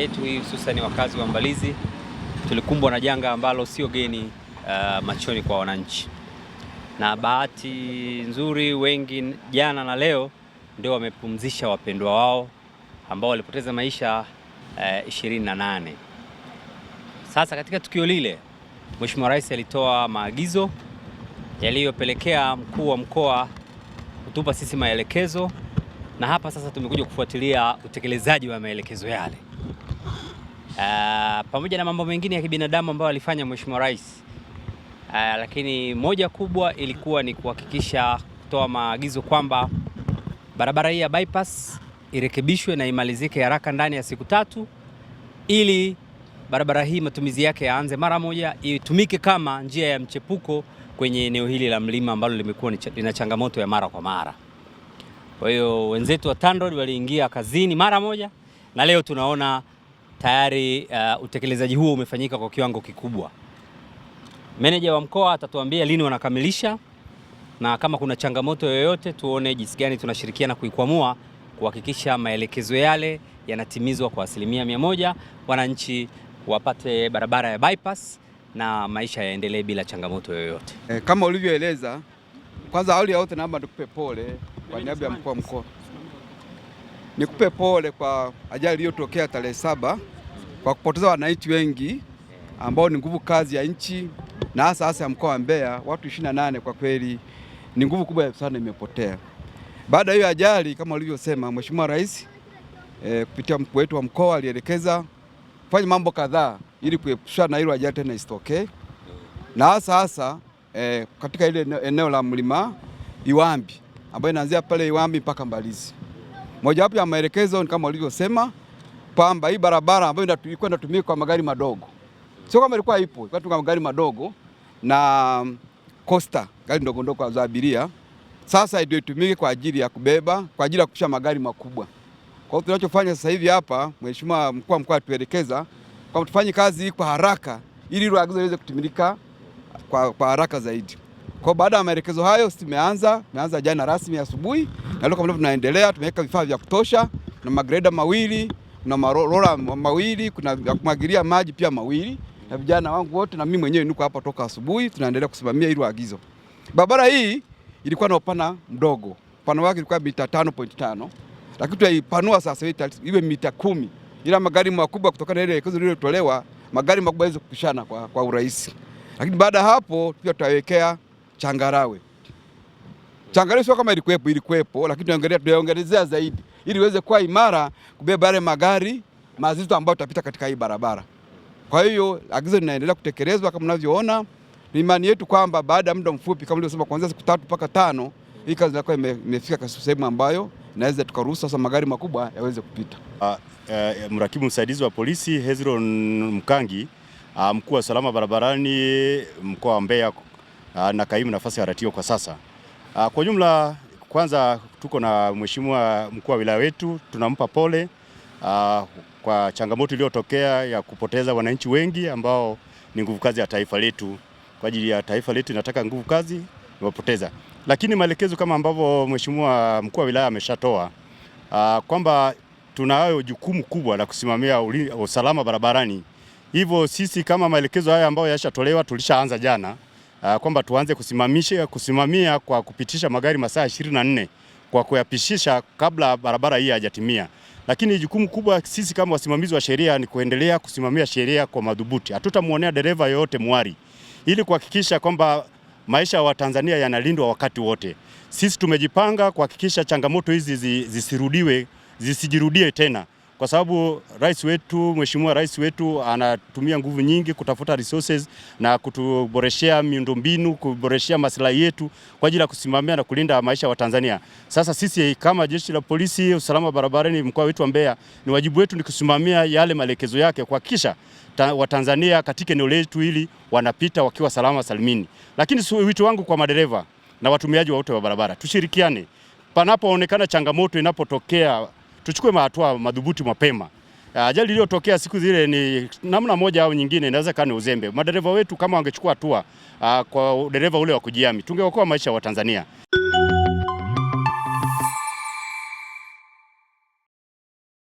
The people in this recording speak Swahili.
yetu hii, ni wakazi wa Mbalizi, tulikumbwa na janga ambalo sio geni uh, machoni kwa wananchi, na bahati nzuri wengi jana na leo ndio wamepumzisha wapendwa wao ambao walipoteza maisha uh, 28. Sasa katika tukio lile Mheshimiwa Rais alitoa maagizo yaliyopelekea mkuu wa mkoa kutupa sisi maelekezo na hapa sasa tumekuja kufuatilia utekelezaji wa maelekezo yale uh, pamoja na mambo mengine ya kibinadamu ambayo alifanya Mheshimiwa Rais uh, lakini moja kubwa ilikuwa ni kuhakikisha kutoa maagizo kwamba barabara hii ya bypass irekebishwe na imalizike haraka ndani ya siku tatu ili barabara hii matumizi yake yaanze mara moja, itumike kama njia ya mchepuko kwenye eneo hili la mlima ambalo limekuwa lina changamoto ya mara kwa mara. Kwa hiyo wenzetu wa TANROADS waliingia kazini mara moja na leo tunaona tayari uh, utekelezaji huo umefanyika kwa kiwango kikubwa. Meneja wa mkoa atatuambia lini wanakamilisha na kama kuna changamoto yoyote tuone jinsi gani tunashirikiana kuikwamua kuhakikisha maelekezo yale yanatimizwa kwa asilimia mia moja, wananchi wapate barabara ya bypass na maisha yaendelee bila changamoto yoyote. Eh, kama ulivyoeleza, kwanza awali ya yote naomba tukupe pole kwa niaba ya mkuu wa mkoa Nikupe pole kwa ajali iliyotokea tarehe saba kwa kupoteza wananchi wengi ambao ni nguvu kazi ya nchi na hasa hasa ya mkoa wa Mbeya, watu 28 kwa kweli ni nguvu kubwa sana imepotea. Baada ya hiyo ajali, kama ulivyosema Mheshimiwa Rais e, kupitia mkuu wetu wa mkoa alielekeza kufanya mambo kadhaa ili kuepusha na hilo ajali tena isitokee, na hasa hasa e, katika ile eneo la mlima Iwambi ambayo inaanzia pale Iwambi mpaka Mbalizi Mojawapo ya maelekezo ni kama walivyosema kwamba hii barabara ambayo ilikuwa inatumika kwa magari madogo, sio kama ilikuwa ipo, ilikuwa kwa magari madogo na um, costa, gari ndogo ndogo za abiria, sasa ndio itumike kwa ajili ya kubeba, kwa ajili ya kupisha magari makubwa. Kwa hiyo tunachofanya sasa hivi hapa, mheshimiwa mkuu wa mkoa atuelekeza kwa tufanye kazi kwa haraka ili hilo agizo liweze kutimilika kwa, kwa haraka zaidi. Kwa baada ya maelekezo hayo, sisi tumeanza tumeanza jana rasmi asubuhi, na leo kama tunaendelea, tumeweka vifaa vya kutosha, na magreda mawili, na marola mawili, kuna ya kumwagilia maji pia mawili, na vijana wangu wote na mimi mwenyewe niko hapa toka asubuhi, tunaendelea kusimamia hilo agizo. Barabara hii ilikuwa na upana mdogo, upana wake ilikuwa mita 5.5 lakini tuipanua sasa hivi iwe mita kumi, ila magari makubwa kutokana na ile elekezo lililotolewa magari makubwa yaweze kupishana kwa, kwa urahisi. Lakini baada ya hapo pia tutawekea changarawe. Changarawe sio kama ilikuwepo, ilikuwepo, lakini tunaongelezea zaidi ili iweze kuwa imara kubeba yale magari mazito ambayo tutapita katika hii barabara. Kwa hiyo agizo linaendelea kutekelezwa kama mnavyoona. Ni imani yetu kwamba baada ya muda mfupi kama nilivyosema, kuanzia siku tatu mpaka tano hii kazi inakuwa imefika sehemu ambayo naweza tukaruhusu sasa magari makubwa yaweze kupita. Uh, uh, mrakibu msaidizi wa polisi Hezron Mkangi, uh, mkuu wa usalama barabarani mkoa wa Mbeya Ah, na kaimu nafasi ya ratio kwa sasa. Ah, kwa jumla, kwanza tuko na mheshimiwa mkuu wa wilaya wetu, tunampa pole ah, kwa changamoto iliyotokea ya kupoteza wananchi wengi ambao ni nguvu kazi ya taifa letu. Kwa ajili ya taifa letu inataka nguvu kazi, niwapoteza, lakini maelekezo kama ambavyo mheshimiwa mkuu wa wilaya ameshatoa kwamba tunayo jukumu kubwa la kusimamia usalama barabarani. Hivyo sisi kama maelekezo haya ambayo yashatolewa tulishaanza jana Ah, kwamba tuanze kusimamisha kusimamia kwa kupitisha magari masaa 24 kwa kuyapishisha kabla barabara hii hajatimia. Lakini jukumu kubwa sisi kama wasimamizi wa sheria ni kuendelea kusimamia sheria kwa madhubuti. hatutamuonea dereva yoyote mwari, ili kuhakikisha kwamba maisha ya wa Watanzania yanalindwa wakati wote. Sisi tumejipanga kuhakikisha changamoto hizi zisirudiwe, zisijirudie tena kwa sababu rais wetu, mheshimiwa rais wetu anatumia nguvu nyingi kutafuta resources na kutuboreshea miundombinu, kuboreshea maslahi yetu kwa ajili ya kusimamia na kulinda maisha wa Tanzania. Sasa sisi kama jeshi la polisi, usalama barabarani, mkoa wetu wa Mbeya, ni wajibu wetu ni kusimamia yale maelekezo yake, kuhakikisha Watanzania katika eneo letu hili wanapita wakiwa salama salimini. Lakini wito wangu kwa madereva na watumiaji wote wa barabara, tushirikiane panapoonekana changamoto inapotokea tuchukue hatua madhubuti mapema. Ah, ajali iliyotokea siku zile ni namna moja au nyingine, inaweza ni uzembe. Madereva wetu kama wangechukua hatua ah, kwa dereva ule wa kujiami, tungeokoa maisha wa Tanzania.